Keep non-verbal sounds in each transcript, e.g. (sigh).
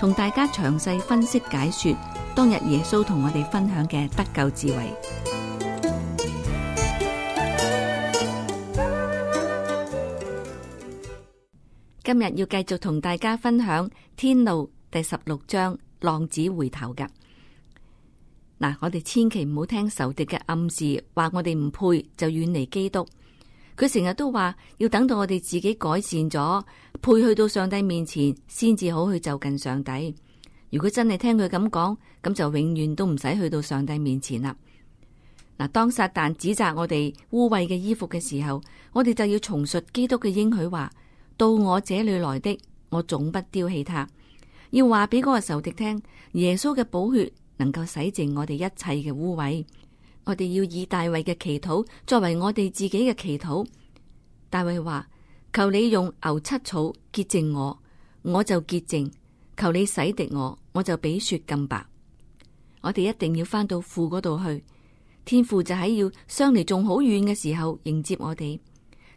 同大家詳細分析解說當日耶穌同我哋分享嘅得救智慧。今日要繼續同大家分享《天路》第十六章《浪子回頭》㗎。嗱，我哋千祈唔好聽仇敵嘅暗示，話我哋唔配，就遠離基督。佢成日都話要等到我哋自己改善咗，配去到上帝面前先至好去就近上帝。如果真係聽佢咁講，咁就永遠都唔使去到上帝面前啦。嗱，當撒旦指責我哋污穢嘅衣服嘅時候，我哋就要重述基督嘅應許話：到我這裏來的，我總不丟棄他。要話俾嗰個仇敵聽，耶穌嘅寶血能夠洗淨我哋一切嘅污穢。我哋要以大衛嘅祈禱作為我哋自己嘅祈禱。大衛話：求你用牛膝草潔淨我，我就潔淨；求你洗滌我，我就比雪更白。我哋一定要翻到父嗰度去，天父就喺要相離仲好遠嘅時候迎接我哋。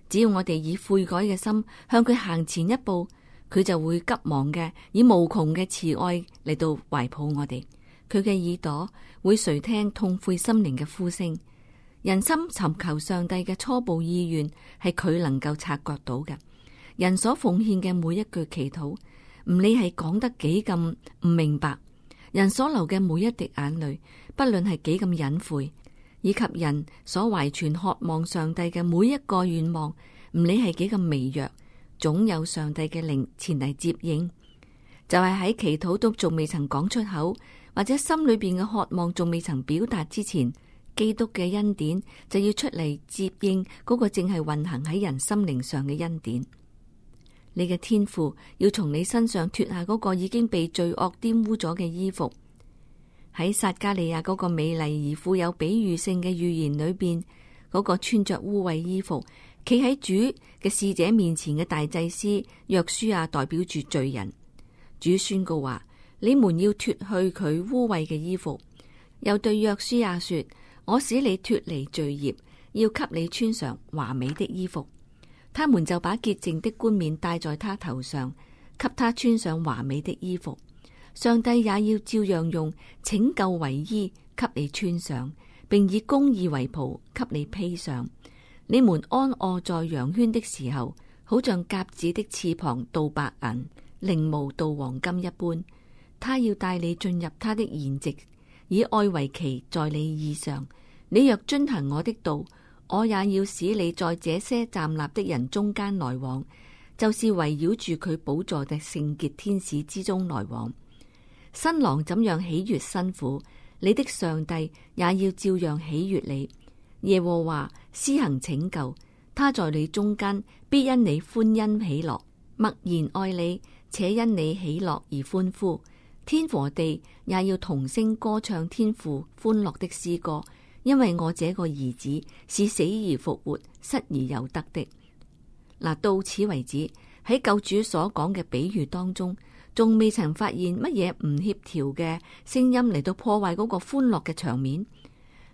只要我哋以悔改嘅心向佢行前一步，佢就會急忙嘅以無窮嘅慈愛嚟到懷抱我哋。佢嘅耳朵會垂聽痛悔心靈嘅呼聲，人心尋求上帝嘅初步意願係佢能夠察覺到嘅。人所奉獻嘅每一句祈禱，唔理係講得幾咁唔明白；人所流嘅每一滴眼淚，不論係幾咁隱晦，以及人所懷存渴望上帝嘅每一個願望，唔理係幾咁微弱，總有上帝嘅靈前嚟接應。就係、是、喺祈禱都仲未曾講出口。或者心裏邊嘅渴望仲未曾表達之前，基督嘅恩典就要出嚟接應嗰個正係運行喺人心靈上嘅恩典。你嘅天父要從你身上脫下嗰個已經被罪惡玷污咗嘅衣服。喺撒加利亞嗰個美麗而富有比喻性嘅預言裏邊，嗰、那個穿着污穢衣服企喺主嘅使者面前嘅大祭司約書亞代表住罪人，主宣告話。你們要脫去佢污穢嘅衣服，又對約書亞說：我使你脫離罪孽，要給你穿上華美的衣服。他們就把潔淨的冠冕戴在他頭上，給他穿上華美的衣服。上帝也要照樣用拯救為衣，給你穿上，並以公義為袍，給你披上。你們安臥在羊圈的時候，好像鴿子的翅膀鍍白銀，翎毛鍍黃金一般。他要帶你進入他的筵席，以愛為旗在你以上。你若遵行我的道，我也要使你在這些站立的人中間來往，就是圍繞住佢寶座的聖潔天使之中來往。新郎怎樣喜悅新婦，你的上帝也要照樣喜悅你。耶和華施行拯救，他在你中間必因你歡欣喜樂，默然愛你，且因你喜樂而歡呼。天和地也要同聲歌唱天父歡樂的詩歌，因為我這個兒子是死而復活、失而又得的。嗱，到此為止，喺救主所講嘅比喻當中，仲未曾發現乜嘢唔協調嘅聲音嚟到破壞嗰個歡樂嘅場面。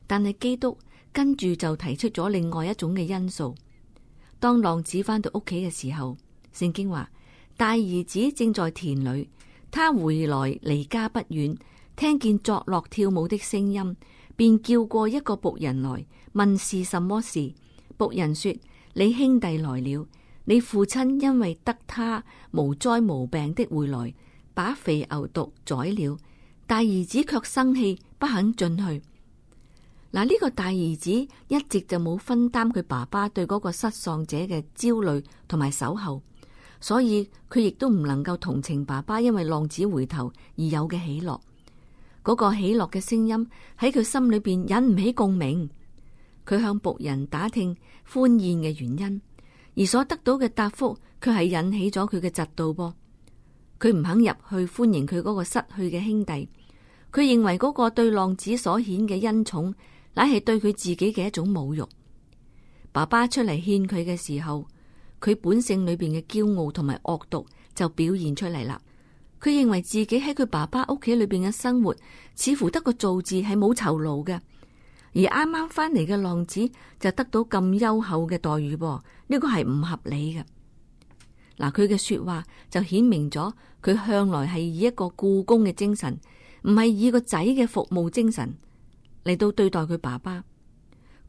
但係基督跟住就提出咗另外一種嘅因素。當浪子翻到屋企嘅時候，聖經話大兒子正在田裏。他回來離家不遠，聽見作樂跳舞的聲音，便叫過一個僕人來問是什麼事。僕人說：你兄弟來了，你父親因為得他無災無病的回來，把肥牛犢宰了，大兒子卻生氣不肯進去。嗱，呢個大兒子一直就冇分擔佢爸爸對嗰個失喪者嘅焦慮同埋守候。所以佢亦都唔能夠同情爸爸，因為浪子回頭而有嘅喜樂，嗰個喜樂嘅聲音喺佢心裏邊引唔起共鳴。佢向僕人打聽歡宴嘅原因，而所得到嘅答覆，佢係引起咗佢嘅嫉妒。噃，佢唔肯入去歡迎佢嗰個失去嘅兄弟，佢認為嗰個對浪子所顯嘅恩寵，乃係對佢自己嘅一種侮辱。爸爸出嚟勸佢嘅時候。佢本性裏邊嘅驕傲同埋惡毒就表現出嚟啦。佢認為自己喺佢爸爸屋企裏邊嘅生活似乎得個做字係冇酬勞嘅，而啱啱翻嚟嘅浪子就得到咁優厚嘅待遇，呢、這個係唔合理嘅。嗱，佢嘅說話就顯明咗，佢向來係以一個僱工嘅精神，唔係以個仔嘅服務精神嚟到對待佢爸爸。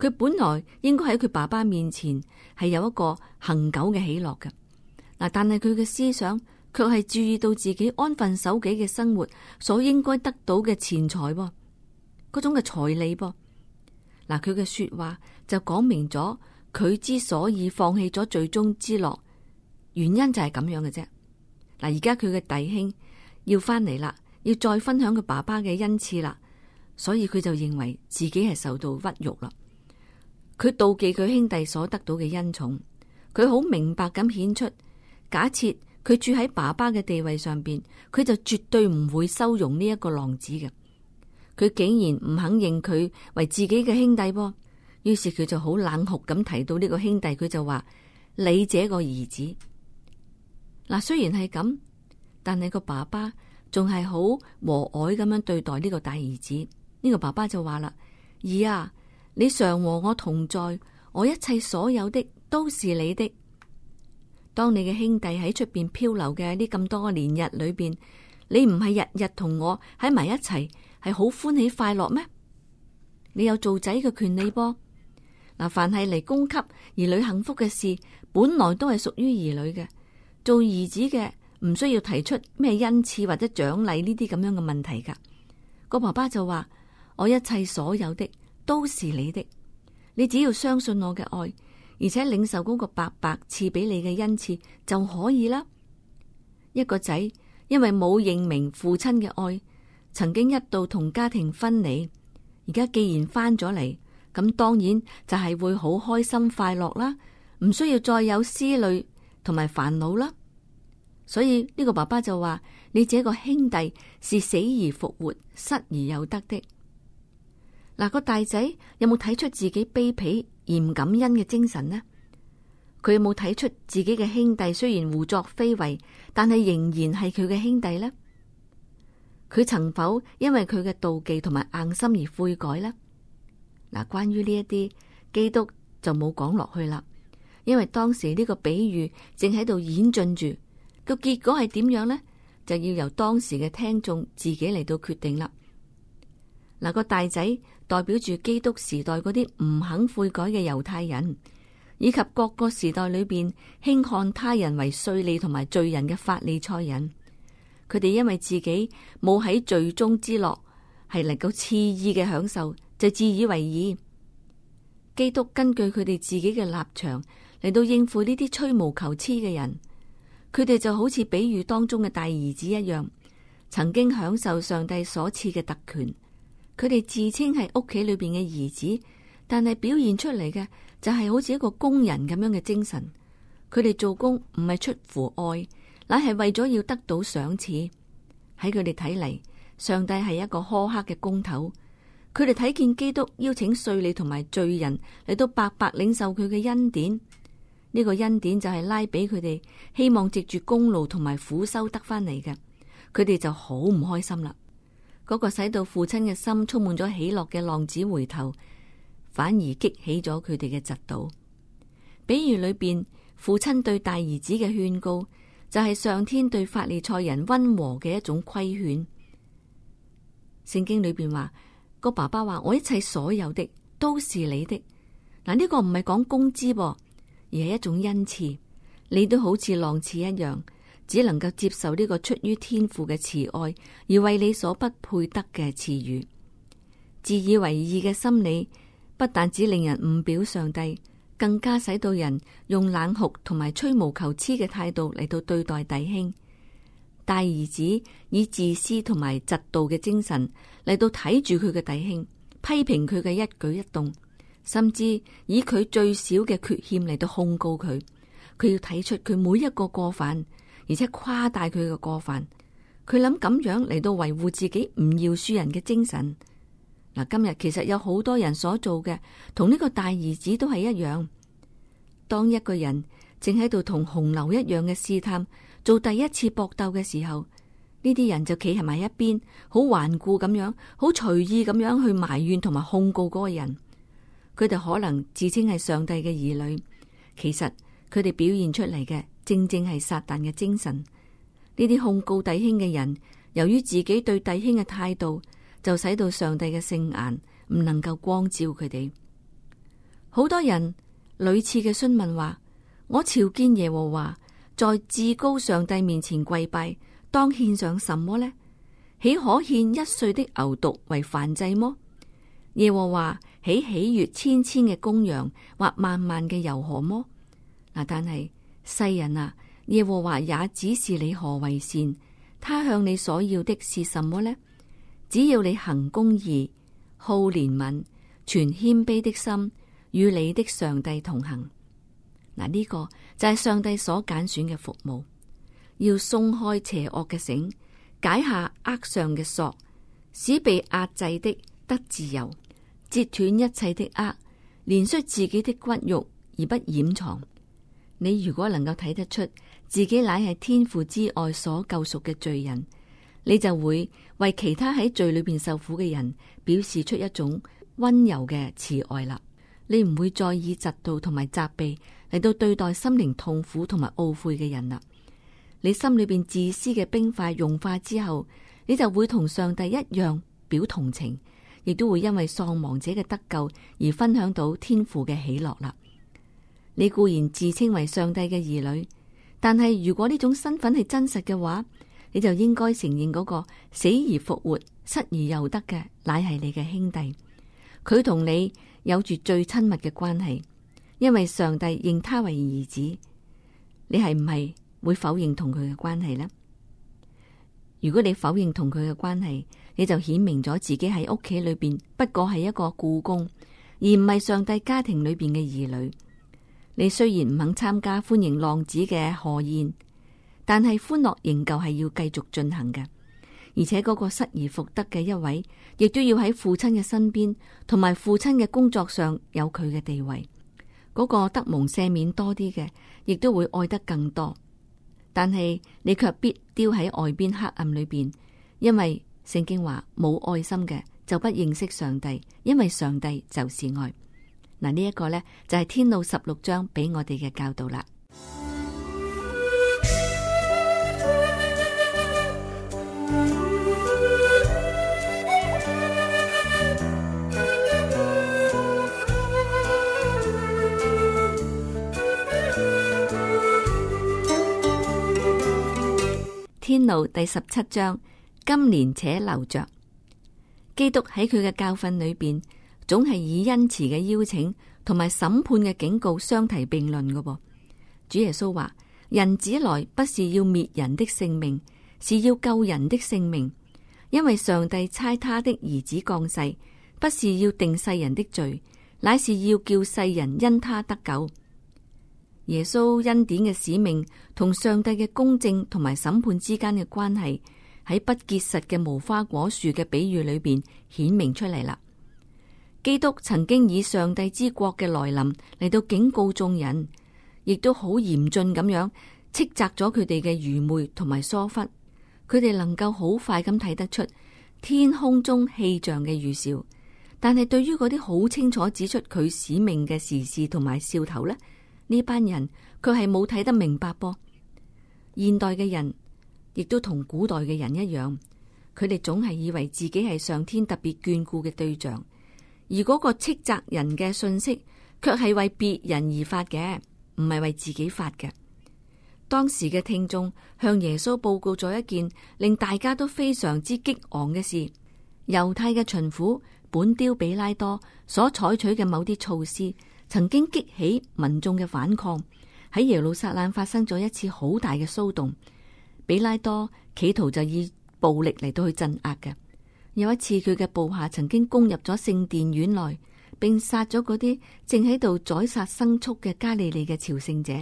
佢本來應該喺佢爸爸面前係有一個恆久嘅喜樂嘅，嗱，但係佢嘅思想卻係注意到自己安分守己嘅生活所應該得到嘅錢財喎，嗰種嘅財利喎。嗱，佢嘅說話就講明咗佢之所以放棄咗最終之樂，原因就係咁樣嘅啫。嗱，而家佢嘅弟兄要翻嚟啦，要再分享佢爸爸嘅恩賜啦，所以佢就認為自己係受到屈辱啦。佢妒忌佢兄弟所得到嘅恩寵，佢好明白咁顯出，假設佢住喺爸爸嘅地位上邊，佢就絕對唔會收容呢一個浪子嘅。佢竟然唔肯認佢為自己嘅兄弟噃，於是佢就好冷酷咁提到呢個兄弟，佢就話你這個兒子嗱，雖然係咁，但係個爸爸仲係好和藹咁樣對待呢個大兒子。呢、這個爸爸就話啦，兒啊。你常和我同在，我一切所有的都是你的。當你嘅兄弟喺出邊漂流嘅呢咁多年日裏邊，你唔係日日同我喺埋一齊，係好歡喜快樂咩？你有做仔嘅權利噃。嗱，凡係嚟供給兒女幸福嘅事，本來都係屬於兒女嘅。做兒子嘅唔需要提出咩恩賜或者獎勵呢啲咁樣嘅問題噶。個爸爸就話：我一切所有的。都是你的，你只要相信我嘅愛，而且領受嗰個白白賜俾你嘅恩賜就可以啦。一個仔因為冇認明父親嘅愛，曾經一度同家庭分離，而家既然翻咗嚟，咁當然就係會好開心快樂啦，唔需要再有思慮同埋煩惱啦。所以呢個爸爸就話：你這個兄弟是死而復活、失而又得的。嗱，個大仔有冇睇出自己卑鄙而唔感恩嘅精神呢？佢有冇睇出自己嘅兄弟雖然胡作非為，但係仍然係佢嘅兄弟呢？佢曾否因為佢嘅妒忌同埋硬心而悔改呢？嗱，關於呢一啲，基督就冇講落去啦，因為當時呢個比喻正喺度演進住，個結果係點樣呢？就要由當時嘅聽眾自己嚟到決定啦。嗱，個大仔。代表住基督時代嗰啲唔肯悔改嘅猶太人，以及各個時代裏邊輕看他人為稅吏同埋罪人嘅法利賽人，佢哋因為自己冇喺罪中之樂係能夠恣意嘅享受，就自以為義。基督根據佢哋自己嘅立場嚟到應付呢啲吹毛求疵嘅人，佢哋就好似比喻當中嘅大兒子一樣，曾經享受上帝所賜嘅特權。佢哋自稱係屋企裏邊嘅兒子，但係表現出嚟嘅就係好似一個工人咁樣嘅精神。佢哋做工唔係出乎愛，乃係為咗要得到賞賜。喺佢哋睇嚟，上帝係一個苛刻嘅工頭。佢哋睇見基督邀請稅吏同埋罪人嚟到白白領受佢嘅恩典，呢、這個恩典就係拉俾佢哋，希望藉住功勞同埋苦修得翻嚟嘅，佢哋就好唔開心啦。嗰個使到父親嘅心充滿咗喜樂嘅浪子回頭，反而激起咗佢哋嘅嫉妒。比喻裏邊父親對大兒子嘅勸告，就係、是、上天對法利賽人溫和嘅一種規勸。聖經裏邊話，個爸爸話：我一切所有的都是你的。嗱、這、呢個唔係講工資噃，而係一種恩賜。你都好似浪子一樣。只能夠接受呢個出於天父嘅慈愛，而為你所不配得嘅賜予。自以為義嘅心理，不但只令人誤表上帝，更加使到人用冷酷同埋吹毛求疵嘅態度嚟到對待弟兄。大兒子以自私同埋嫉妒嘅精神嚟到睇住佢嘅弟兄，批評佢嘅一舉一動，甚至以佢最小嘅缺欠嚟到控告佢。佢要睇出佢每一個過犯。而且誇大佢嘅過犯，佢諗咁樣嚟到維護自己唔饒恕人嘅精神。嗱，今日其實有好多人所做嘅，同呢個大兒子都係一樣。當一個人正喺度同洪流一樣嘅試探做第一次搏鬥嘅時候，呢啲人就企喺埋一邊，好頑固咁樣，好隨意咁樣去埋怨同埋控告嗰個人。佢哋可能自稱係上帝嘅兒女，其實佢哋表現出嚟嘅。正正係撒旦嘅精神。呢啲控告弟兄嘅人，由於自己對弟兄嘅態度，就使到上帝嘅聖眼唔能夠光照佢哋。好多人屢次嘅詢問話：我朝見耶和華，在至高上帝面前跪拜，當獻上什麼呢？豈可獻一歲的牛犢為燔祭麼？耶和華喜喜悅千千嘅公羊或萬萬嘅油河麼？嗱，但係。世人啊，耶和華也指示你何為善。他向你所要的是什麼呢？只要你行公義、好憐憫、存謙卑的心，與你的上帝同行。嗱，呢個就係上帝所揀選嘅服務。要鬆開邪惡嘅繩，解下扼上嘅索，使被壓制的得自由，截斷一切的扼，連摔自己的骨肉而不掩藏。你如果能夠睇得出自己乃係天父之愛所救贖嘅罪人，你就會為其他喺罪裏邊受苦嘅人表示出一種温柔嘅慈愛啦。你唔會再以嫉妒同埋責備嚟到對待心靈痛苦同埋懊悔嘅人啦。你心裏邊自私嘅冰塊融化之後，你就會同上帝一樣表同情，亦都會因為喪亡者嘅得救而分享到天父嘅喜樂啦。你固然自稱為上帝嘅兒女，但係如果呢種身份係真實嘅話，你就應該承認嗰個死而復活、失而又得嘅，乃係你嘅兄弟。佢同你有住最親密嘅關係，因為上帝認他為兒子。你係唔係會否認同佢嘅關係呢？如果你否認同佢嘅關係，你就顯明咗自己喺屋企裏邊不過係一個僱工，而唔係上帝家庭裏邊嘅兒女。你雖然唔肯參加歡迎浪子嘅賀宴，但係歡樂仍舊係要繼續進行嘅。而且嗰個失而復得嘅一位，亦都要喺父親嘅身邊，同埋父親嘅工作上有佢嘅地位。嗰個得蒙赦免多啲嘅，亦都會愛得更多。但係你卻必丟喺外邊黑暗裏邊，因為聖經話冇愛心嘅就不認識上帝，因為上帝就是愛。嗱，呢一個呢就係天路十六章俾我哋嘅教導啦。天路第十七章，今年且留着。基督喺佢嘅教訓裏邊，總係以恩慈嘅邀請同埋審判嘅警告相提並論嘅噃。主耶穌話：人子來不是要滅人的性命，是要救人的性命。因為上帝差他的兒子降世，不是要定世人的罪，乃是要叫世人因他得救。耶穌恩典嘅使命同上帝嘅公正同埋審判之間嘅關係喺不結實嘅無花果樹嘅比喻裏邊顯明出嚟啦。基督曾經以上帝之國嘅來臨嚟到警告眾人，亦都好嚴峻咁樣斥責咗佢哋嘅愚昧同埋疏忽。佢哋能夠好快咁睇得出天空中氣象嘅預兆，但係對於嗰啲好清楚指出佢使命嘅時事同埋兆頭呢，呢班人佢係冇睇得明白噃。現代嘅人亦都同古代嘅人一樣，佢哋總係以為自己係上天特別眷顧嘅對象。而嗰個斥責人嘅信息，卻係為別人而發嘅，唔係為自己發嘅。當時嘅聽眾向耶穌報告咗一件令大家都非常之激昂嘅事：猶太嘅巡撫本丟比拉多所採取嘅某啲措施，曾經激起民眾嘅反抗，喺耶路撒冷發生咗一次好大嘅騷動。比拉多企圖就以暴力嚟到去鎮壓嘅。有一次，佢嘅部下曾經攻入咗聖殿院內，並殺咗嗰啲正喺度宰殺牲畜嘅加利利嘅朝聖者。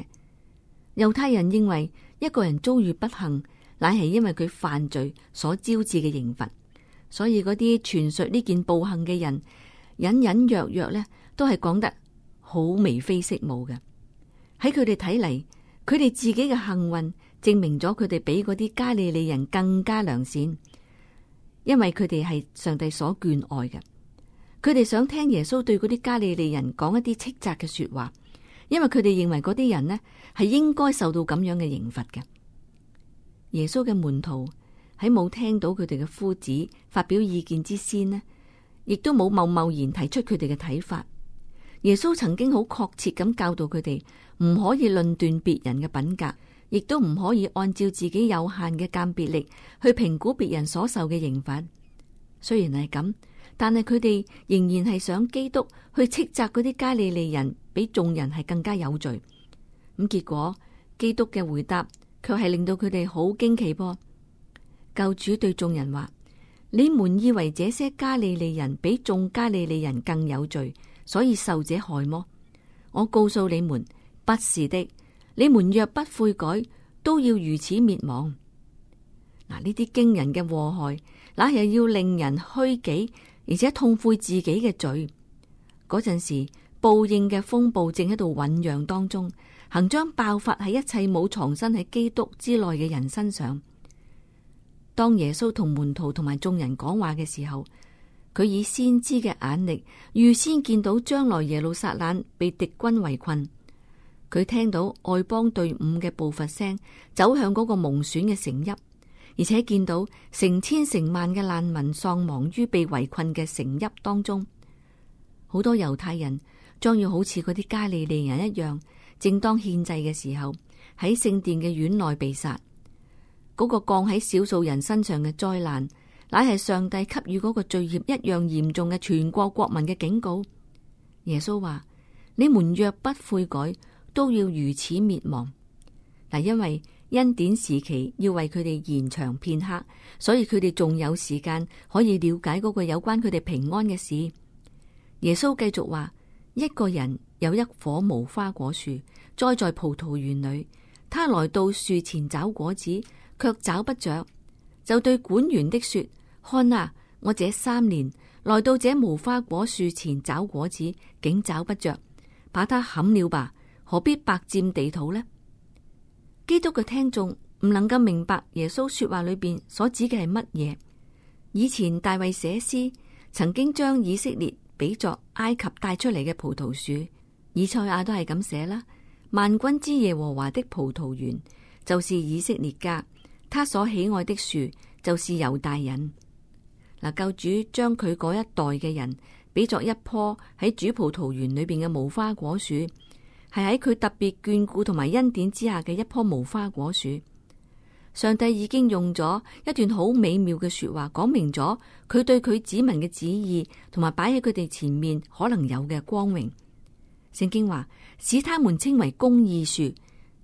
猶太人認為一個人遭遇不幸，乃係因為佢犯罪所招致嘅刑罰。所以嗰啲傳述呢件暴行嘅人，隱隱約約咧，都係講得好眉飛色舞嘅。喺佢哋睇嚟，佢哋自己嘅幸運證明咗佢哋比嗰啲加利利人更加良善。因為佢哋係上帝所眷愛嘅，佢哋想聽耶穌對嗰啲加利利人講一啲斥責嘅說話，因為佢哋認為嗰啲人呢係應該受到咁樣嘅刑罰嘅。耶穌嘅門徒喺冇聽到佢哋嘅夫子發表意見之先呢，亦都冇貿貿然提出佢哋嘅睇法。耶穌曾經好確切咁教導佢哋唔可以論斷別人嘅品格。亦都唔可以按照自己有限嘅鑑別力去評估別人所受嘅刑罰。雖然係咁，但係佢哋仍然係想基督去斥責嗰啲加利利人比眾人係更加有罪。咁、嗯、結果基督嘅回答卻係令到佢哋好驚奇噃、啊。救主對眾人話：你們以為這些加利利人比眾加利利人更有罪，所以受這害麼？我告訴你們，不是的。你們若不悔改，都要如此滅亡。嗱，呢啲驚人嘅禍害，那係要令人虛己，而且痛悔自己嘅罪。嗰陣時，報應嘅風暴正喺度醞釀當中，行將爆發喺一切冇藏身喺基督之內嘅人身上。當耶穌同門徒同埋眾人講話嘅時候，佢以先知嘅眼力，預先見到將來耶路撒冷被敵軍圍困。佢聽到外邦隊伍嘅步伐聲走向嗰個蒙選嘅城邑，而且見到成千成萬嘅難民喪亡於被圍困嘅城邑當中。好多猶太人將要好似嗰啲加利利人一樣，正當獻祭嘅時候喺聖殿嘅院內被殺。嗰、那個降喺少數人身上嘅災難，乃係上帝給予嗰個罪孽一樣嚴重嘅全國國民嘅警告。耶穌話：你們若不悔改，都要如此滅亡嗱，因為恩典時期要為佢哋延長片刻，所以佢哋仲有時間可以了解嗰個有關佢哋平安嘅事。耶穌繼續話：一個人有一棵無花果樹栽在葡萄園裏，他來到樹前找果子，却找不着，就對管園的說：看啊，我這三年來到這無花果樹前找果子，竟找不着，把它砍了吧。何必白佔地土呢？基督嘅聽眾唔能夠明白耶穌說話裏邊所指嘅係乜嘢。以前大衛寫詩，曾經將以色列比作埃及帶出嚟嘅葡萄樹。以賽亞都係咁寫啦。萬軍之耶和華的葡萄園就是以色列家，他所喜愛的樹就是猶大人。嗱，救主將佢嗰一代嘅人比作一棵喺主葡萄園裏邊嘅無花果樹。係喺佢特別眷顧同埋恩典之下嘅一棵無花果樹，上帝已經用咗一段好美妙嘅說話，講明咗佢對佢子民嘅旨意，同埋擺喺佢哋前面可能有嘅光榮。聖經話，使他們稱為公義樹，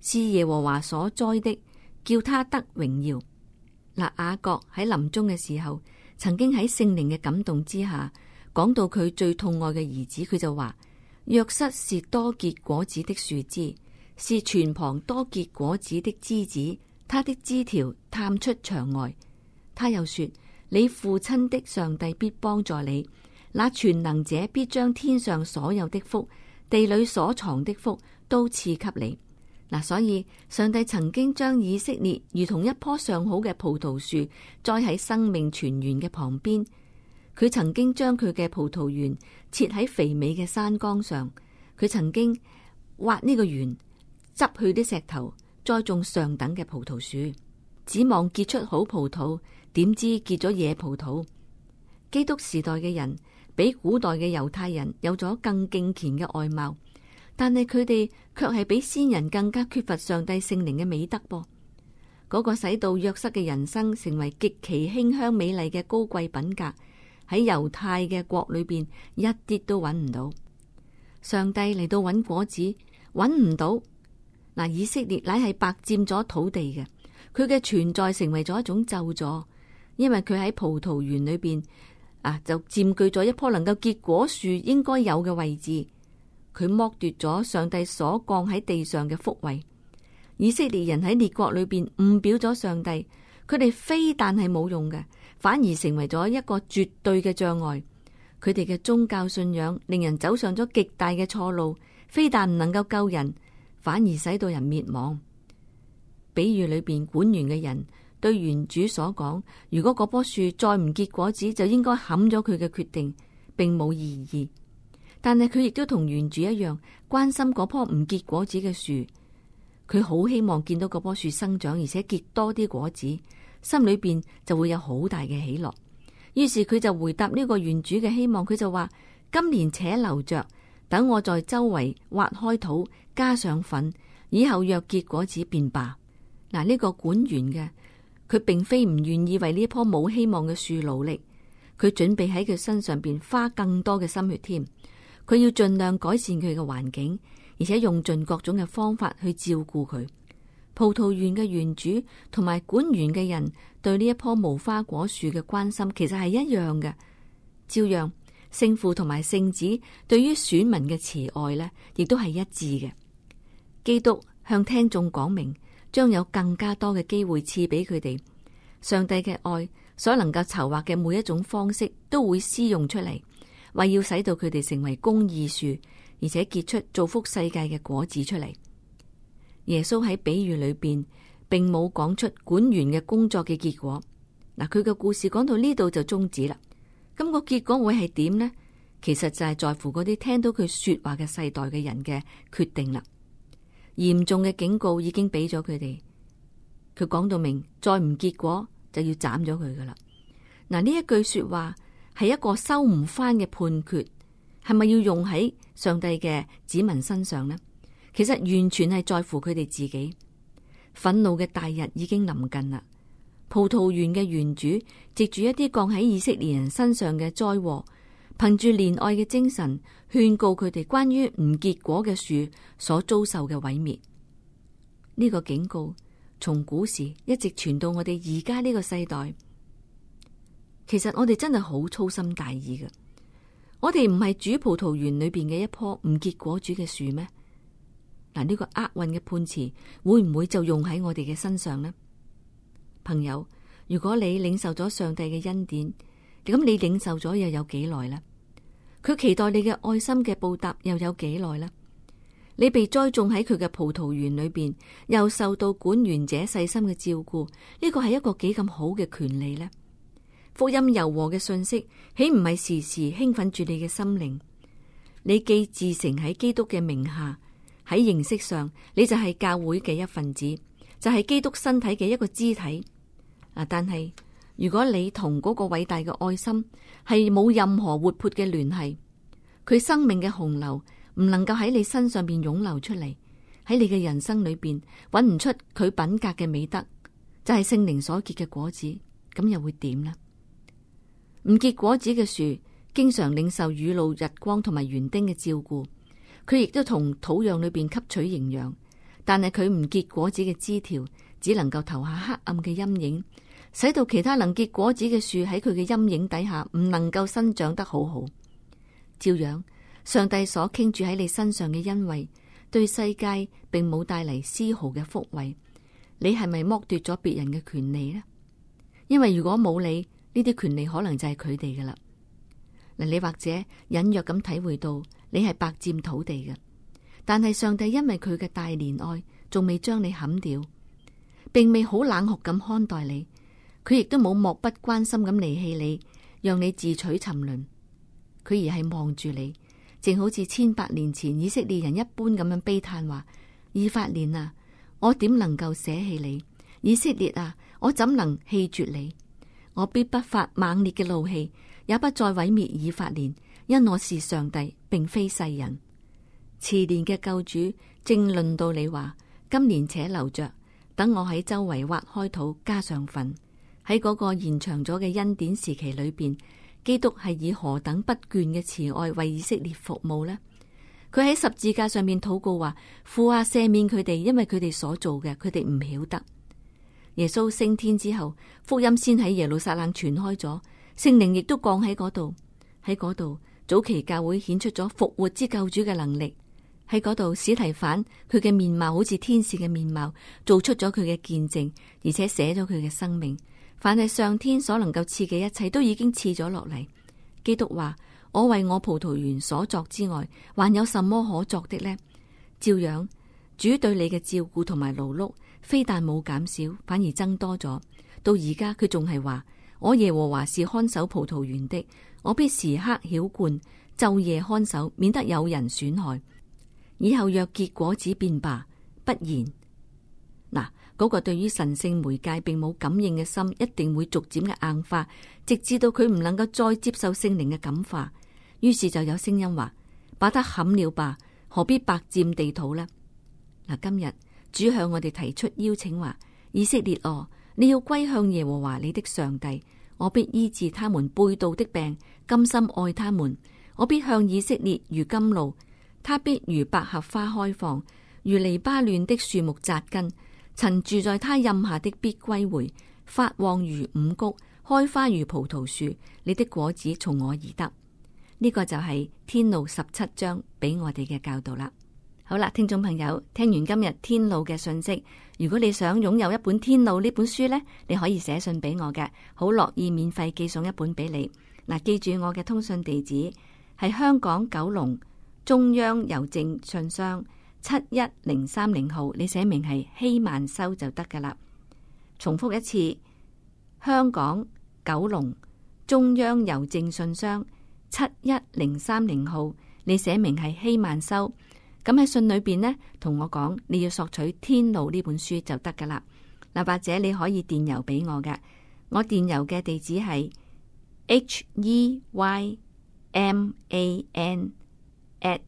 是耶和華所栽的，叫他得榮耀。那雅各喺臨終嘅時候，曾經喺聖靈嘅感動之下，講到佢最痛愛嘅兒子，佢就話。約瑟是多結果子的樹枝，是泉旁多結果子的枝子，他的枝條探出牆外。他又說：你父親的上帝必幫助你，那全能者必將天上所有的福、地裏所藏的福都賜給你。嗱，所以上帝曾經將以色列如同一棵上好嘅葡萄樹，栽喺生命泉源嘅旁邊。佢曾經將佢嘅葡萄園設喺肥美嘅山崗上。佢曾經挖呢個園，執去啲石頭，栽種上等嘅葡萄樹，指望結出好葡萄。點知結咗野葡萄。基督時代嘅人比古代嘅猶太人有咗更敬虔嘅外貌，但係佢哋卻係比先人更加缺乏上帝聖靈嘅美德噃。嗰、那個使到約瑟嘅人生成為極其馨香美麗嘅高貴品格。喺猶太嘅國裏邊一啲都揾唔到，上帝嚟到揾果子揾唔到。嗱，以色列乃係白佔咗土地嘅，佢嘅存在成為咗一種咒詛，因為佢喺葡萄園裏邊啊就佔據咗一棵能夠結果樹應該有嘅位置，佢剝奪咗上帝所降喺地上嘅福位。以色列人喺列國裏邊誤表咗上帝，佢哋非但係冇用嘅。反而成為咗一個絕對嘅障礙，佢哋嘅宗教信仰令人走上咗極大嘅錯路，非但唔能夠救人，反而使到人滅亡。比喻裏邊管園嘅人對園主所講：如果嗰棵樹再唔結果子，就應該砍咗佢嘅決定，並冇異議。但係佢亦都同園主一樣，關心嗰棵唔結果子嘅樹，佢好希望見到嗰棵樹生長，而且結多啲果子。心裏邊就會有好大嘅喜樂，於是佢就回答呢個園主嘅希望，佢就話：今年且留着，等我在周圍挖開土，加上糞，以後若結果子便罷。嗱，呢、這個管園嘅佢並非唔願意為呢棵冇希望嘅樹努力，佢準備喺佢身上邊花更多嘅心血添，佢要盡量改善佢嘅環境，而且用盡各種嘅方法去照顧佢。葡萄園嘅園主同埋管園嘅人對呢一棵無花果樹嘅關心，其實係一樣嘅，照樣，聖父同埋聖子對於選民嘅慈愛呢，亦都係一致嘅。基督向聽眾講明，將有更加多嘅機會賜俾佢哋。上帝嘅愛所能夠籌劃嘅每一種方式，都會施用出嚟，為要使到佢哋成為公義樹，而且結出造福世界嘅果子出嚟。耶穌喺比喻裏邊，並冇講出管員嘅工作嘅結果。嗱，佢嘅故事講到呢度就終止啦。咁個結果會係點呢？其實就係在乎嗰啲聽到佢說話嘅世代嘅人嘅決定啦。嚴重嘅警告已經俾咗佢哋，佢講到明，再唔結果就要斬咗佢噶啦。嗱，呢一句說話係一個收唔翻嘅判決，係咪要用喺上帝嘅子民身上呢？其實完全係在乎佢哋自己。憤怒嘅大日已經臨近啦。葡萄園嘅園主藉住一啲降喺以色列人身上嘅災禍，憑住憐愛嘅精神勸告佢哋關於唔結果嘅樹所遭受嘅毀滅。呢、這個警告從古時一直傳到我哋而家呢個世代。其實我哋真係好粗心大意嘅。我哋唔係主葡萄園裏邊嘅一棵唔結果子嘅樹咩？嗱，呢個厄運嘅判詞會唔會就用喺我哋嘅身上呢？朋友，如果你領受咗上帝嘅恩典，咁你領受咗又有幾耐咧？佢期待你嘅愛心嘅報答又有幾耐呢？你被栽種喺佢嘅葡萄園裏邊，又受到管園者細心嘅照顧，呢個係一個幾咁好嘅權利呢？福音柔和嘅信息，豈唔係時時興奮住你嘅心靈？你既自成喺基督嘅名下。喺形式上，你就係教會嘅一份子，就係基督身體嘅一個肢體。啊，但係如果你同嗰個偉大嘅愛心係冇任何活潑嘅聯繫，佢生命嘅洪流唔能夠喺你身上邊湧流出嚟，喺你嘅人生裏邊揾唔出佢品格嘅美德，就係聖靈所結嘅果子，咁又會點呢？唔結果子嘅樹，經常領受雨露、日光同埋園丁嘅照顧。佢亦都同土壤裏邊吸取營養，但係佢唔結果子嘅枝條，只能夠投下黑暗嘅陰影，使到其他能結果子嘅樹喺佢嘅陰影底下唔能夠生長得好好。照樣，上帝所傾注喺你身上嘅恩惠，對世界並冇帶嚟絲毫嘅福惠。你係咪剝奪咗別人嘅權利呢？因為如果冇你，呢啲權利可能就係佢哋㗎喇。嗱，你或者隱約咁體會到。你係白占土地嘅，但係上帝因為佢嘅大憐愛，仲未將你砍掉，並未好冷酷咁看待你，佢亦都冇漠不關心咁離棄你，讓你自取沉淪。佢而係望住你，正好似千百年前以色列人一般咁樣悲嘆話：以法蓮啊，我點能夠捨棄你？以色列啊，我怎能棄絕你？我必不發猛烈嘅怒氣，也不再毀滅以法蓮。因我是上帝，並非世人。遲年嘅救主正論到你話，今年且留着，等我喺周圍挖開土，加上糞。喺嗰個延長咗嘅恩典時期裏邊，基督係以何等不倦嘅慈愛為以色列服務呢？佢喺十字架上面禱告，話，父阿、啊、赦免佢哋，因為佢哋所做嘅，佢哋唔曉得。耶穌升天之後，福音先喺耶路撒冷傳開咗，聖靈亦都降喺嗰度，喺嗰度。早期教會顯出咗復活之救主嘅能力，喺嗰度，史提反佢嘅面貌好似天使嘅面貌，做出咗佢嘅見證，而且寫咗佢嘅生命。凡係上天所能夠賜嘅一切，都已經賜咗落嚟。基督話：我為我葡萄園所作之外，還有什麼可作的呢？照樣，主對你嘅照顧同埋勞碌，非但冇減少，反而增多咗。到而家佢仲係話：我耶和華是看守葡萄園的。我必時刻澆灌，晝夜看守，免得有人損害。以後若結果子便罷，不然嗱，嗰、那個對於神聖媒介並冇感應嘅心，一定會逐漸嘅硬化，直至到佢唔能夠再接受聖靈嘅感化。於是就有聲音話：把它砍了吧，何必白佔地土呢？嗱，今日主向我哋提出邀請話：以色列哦，你要歸向耶和華你的上帝。我必醫治他們背道的病，甘心愛他們。我必向以色列如甘露，他必如百合花開放，如利巴嫩的樹木扎根。曾住在他蔭下的必歸回，發旺如五穀，開花如葡萄樹。你的果子從我而得。呢、這個就係天路十七章俾我哋嘅教導啦。好啦，聽眾朋友，聽完今日天路嘅信息，如果你想擁有一本天路呢本書呢，你可以寫信俾我嘅，好樂意免費寄送一本俾你嗱。記住我嘅通訊地址係香港九龍中央郵政信箱七一零三零號，你寫明係希曼修就得噶啦。重複一次，香港九龍中央郵政信箱七一零三零號，你寫明係希曼修。咁喺信裏邊呢，同我講你要索取《天路》呢本書就得噶啦。嗱，或者你可以電郵俾我嘅，我電郵嘅地址係 (music) h e y m a n at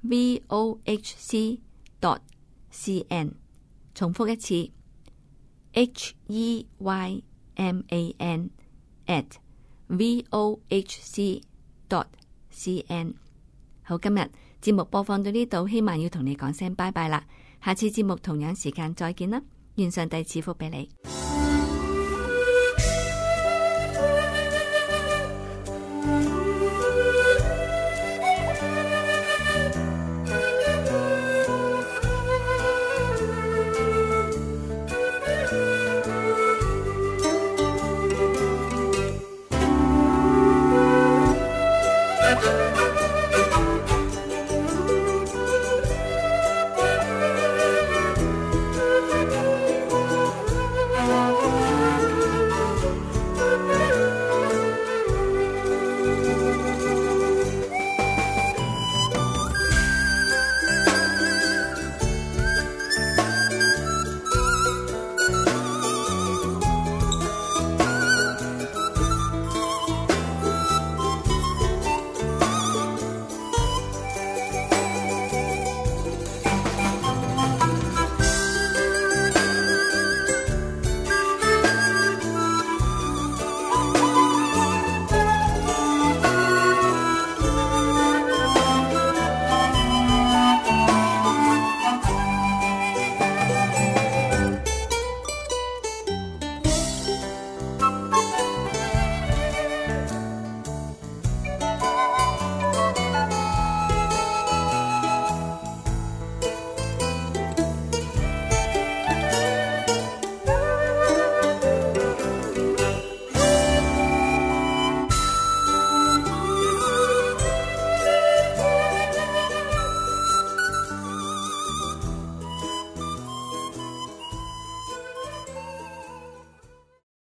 v o h c dot c n。重複一次，h e y m a n at v o h c dot c n。好，今日。節目播放到呢度，希望要同你講聲拜拜啦。下次節目同樣時間再見啦。願上帝賜福俾你。